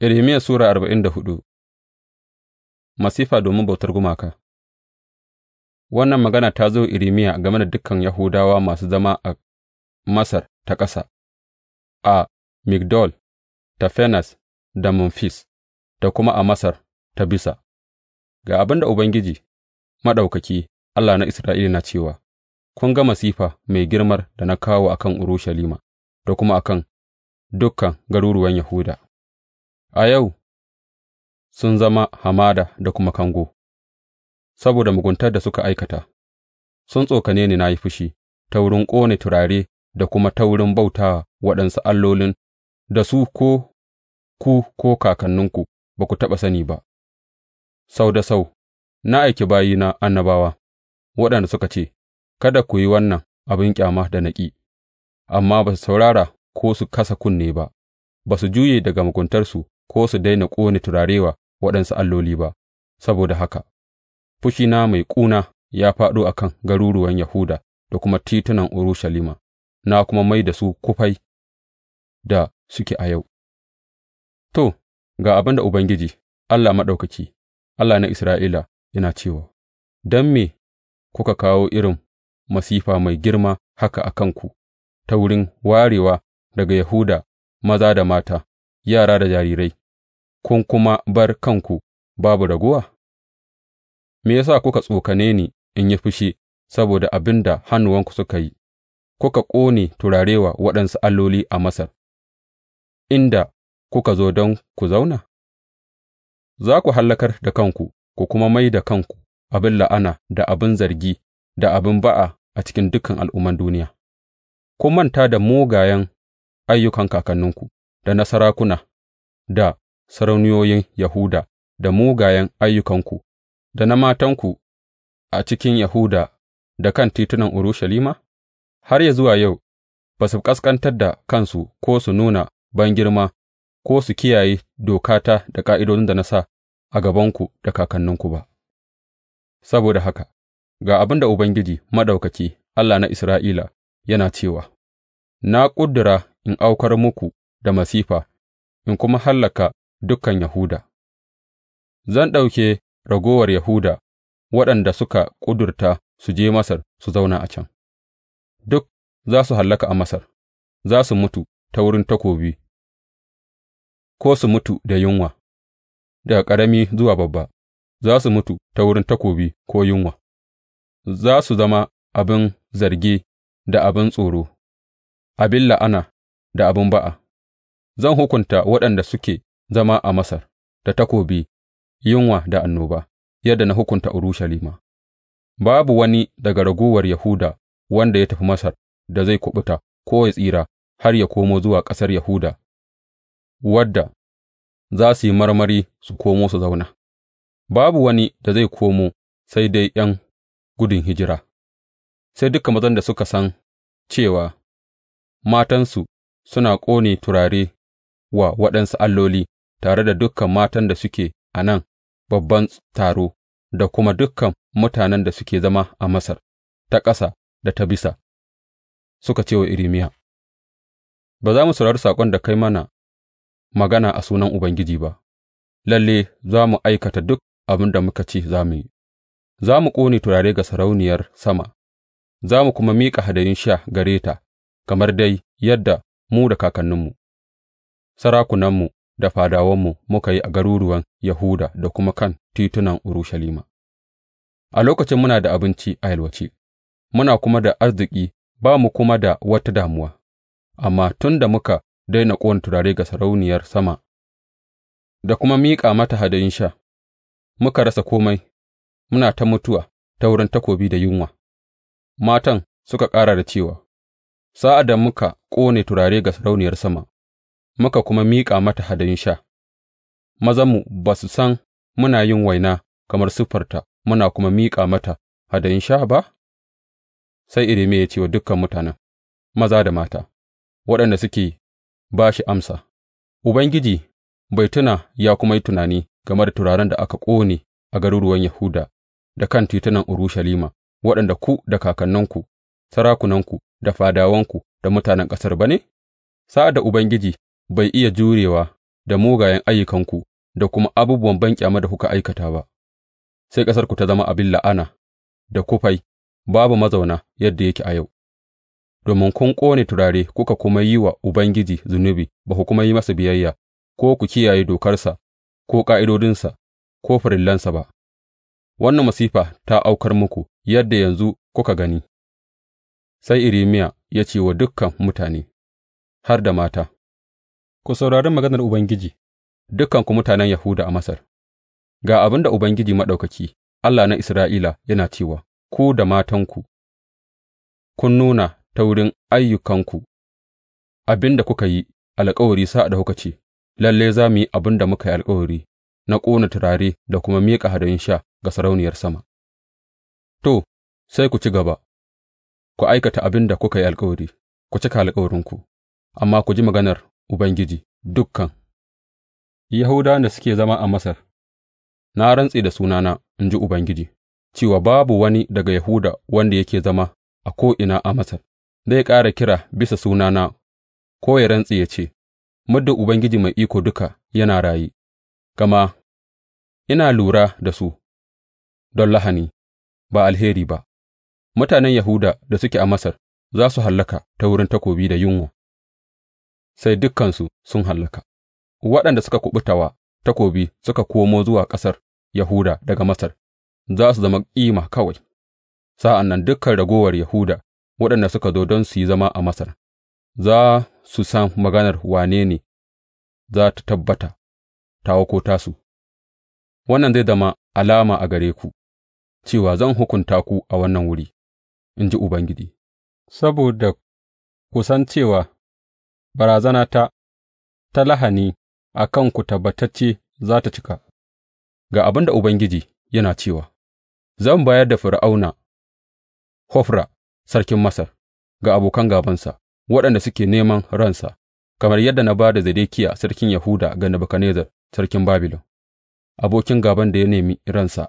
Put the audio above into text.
Irimiya Sura arba'in da hudu Masifa domin bautar gumaka Wannan magana ta zo Irmiya game da dukan Yahudawa masu zama a Masar ta Ƙasa, a Migdol, tafenas Fenas, da Memfis, da kuma a Masar ta Bisa, ga abin da Ubangiji Maɗaukaki, Allah na Isra'ila na cewa, Kun ga masifa mai girmar da na kawo a kan Urushalima da kuma a kan dukan garuruwan Yahuda. a yau sun zama hamada da kuma kango, saboda muguntar da suka aikata, sun tsokane ni na yi fushi ta wurin ƙone turare da kuma ta wurin bauta waɗansu allolin da su ko ku ko kakanninku ba ku taɓa sani ba, sau da sau na aiki bayina annabawa, waɗanda suka ce, Kada ku yi wannan abin ƙyama da naƙi. amma ba su saurara ko su kasa kunne ba, ba su juye daga muguntarsu ko su daina ƙone turare wa waɗansu alloli ba, saboda haka fushina mai ƙuna ya faɗo a kan garuruwan Yahuda da kuma titunan Urushalima, na kuma mai da su kufai da suke a yau. To, ga abin da Ubangiji, Allah Maɗaukaki, Allah na Isra'ila, yana cewa, Don me kuka kawo irin masifa mai girma haka a kanku ta wurin warewa daga Yahuda maza da mata, yara da jarirai, kun kuma bar kanku babu raguwa? Me ya sa kuka tsokane ni in yi fushi saboda abin da hannuwanku suka yi, kuka ƙone turarewa waɗansu alloli a Masar, inda kuka zo don ku zauna? Za ku hallakar da kanku ku kuma mai da kanku abin la'ana da abin zargi da abin ba'a a cikin dukan al'umman duniya. Kun manta da mugayen ayyukan kakanninku, da na sarakuna, da sarauniyoyin Yahuda da mugayen ayyukanku da na matanku a cikin Yahuda da kan titunan Urushalima, har yă zuwa yau ba su ƙasƙantar da kansu ko su nuna bangirma ko su kiyaye dokata da ƙa'idodin da na sa a gabanku da kakanninku ba. Saboda haka, ga abin da Ubangiji Maɗaukaki, Allah na Isra'ila, yana cewa, Na ƙudura in aukar muku da masifa in kuma hallaka dukan Yahuda Zan ɗauke ragowar Yahuda waɗanda suka ƙudurta su je Masar su zauna a can, duk za su hallaka a Masar, za su mutu ta wurin takobi ko su mutu da yunwa, daga ƙarami zuwa babba, za su mutu ta wurin takobi ko yunwa, za su zama abin zargi da abin tsoro, abin la'ana da abin ba'a. Zan hukunta waɗanda suke zama a Masar da takobi, yunwa da annoba, yadda na hukunta Urushalima, babu wani daga ragowar Yahuda wanda ya tafi Masar da zai kuɓuta ko ya tsira har ya komo zuwa ƙasar Yahuda, wadda za su yi marmari su komo su zauna, babu wani da zai komo sai dai ’yan gudun hijira, sai duka mazan da suka san cewa matansu suna ƙone turare wa waɗansu alloli tare da dukan matan da suke a nan babban taro, da kuma dukan mutanen da suke zama a Masar, ta ƙasa da ta bisa, suka ce wa Irimiya. Ba za mu saurari saƙon da kai mana magana a sunan Ubangiji ba, lalle za mu aikata duk abin da muka ce za mu yi, za mu ƙone turare ga sarauniyar sama, za mu kuma miƙa hadayun sha gare ta, kamar dai yadda mu da kakanninmu, sarakunanmu da fadawanmu muka yi a garuruwan Yahuda da kuma kan titunan Urushalima, a lokacin muna da abinci a yalwace, muna kuma da arziki ba mu kuma da wata damuwa, amma tun da muka daina ƙona turare ga sarauniyar sama da kuma miƙa mata hadayin sha, muka rasa komai. muna ta mutuwa ta wurin takobi da yunwa. Matan suka ƙara da cewa, Sa'ad da muka ƙone turare ga sarauniyar sama, muka kuma miƙa mata hadayun sha, mazanmu ba su san muna yin waina kamar siffarta muna kuma miƙa mata hadayun sha ba? Sai Irmiya ya ce wa dukan mutanen, maza da mata, waɗanda suke ba shi amsa, Ubangiji bai tuna ya kuma yi tunani game da turaren da aka ƙone a garuruwan Yahuda da kan titunan Urushalima, waɗanda ku da kakanninku, sarakunanku da fadawanku da mutanen ƙasar ba ne? Sa'ad da Ubangiji bai iya jurewa da mugayen ayyukanku da kuma abubuwan banƙyama da kuka aikata ba, sai ƙasarku ta zama abin la'ana da kufai, babu mazauna yadda yake a yau, domin kun ƙone turare kuka kuma yi wa Ubangiji zunubi ba ku kuma yi masa biyayya, ko ku kiyaye dokarsa, ko ƙa'idodinsa, ko farillansa ba. Wannan masifa ta aukar muku yadda yanzu kuka gani. Sai Irmiya ya ce wa dukkan mutane, har da mata. Ku saurari maganar Ubangiji, dukanku mutanen Yahuda a Masar, ga abin da Ubangiji Maɗaukaki, Allah na Isra'ila, yana cewa ku da matanku, kun nuna ta wurin ayyukanku abin da kuka yi alkawari sa'ad da kuka ce, Lalle za mu yi abin da muka yi alkawari na ƙona turare da kuma miƙa hadayun sha ga sarauniyar sama. To, sai ku ci gaba, ku aikata abin da kuka yi alkawari, ku cika alkawarinku, amma ku ji maganar Ubangiji, dukan Yahudawan da suke zama a Masar, na rantse da sunana, in ji Ubangiji, cewa babu wani daga Yahuda wanda yake zama a ko'ina a Masar zai ƙara kira bisa sunana ko ya rantse ya ce, Muddin Ubangiji Mai Iko Duka yana raye, gama ina lura da su don lahani, ba alheri ba, mutanen Yahuda da suke a Masar za su hallaka ta wurin takobi da yunwa. sai dukansu sun hallaka, waɗanda suka kuɓuta wa takobi suka komo zuwa ƙasar Yahuda daga Masar za su zama ƙima kawai, sa'an nan dukan ragowar Yahuda waɗanda suka zo don su yi zama a Masar za su san maganar wane ne za ta tabbata, tawako tasu, wannan zai zama alama a gare ku, cewa zan hukunta ku a wannan wuri, in ji Ubangiji, saboda ku san cewa Barazana ta lahani a kanku tabbatacce za ta cika, ga abin da Ubangiji yana cewa, Zan bayar da Fir'auna, Hofra, sarkin Masar, ga abokan gabansa, waɗanda suke neman ransa, kamar yadda na ba da Zedekiya sarkin Yahuda ga Nebuchadnezzar, sarkin Babilon, abokin gaban da ya nemi ransa.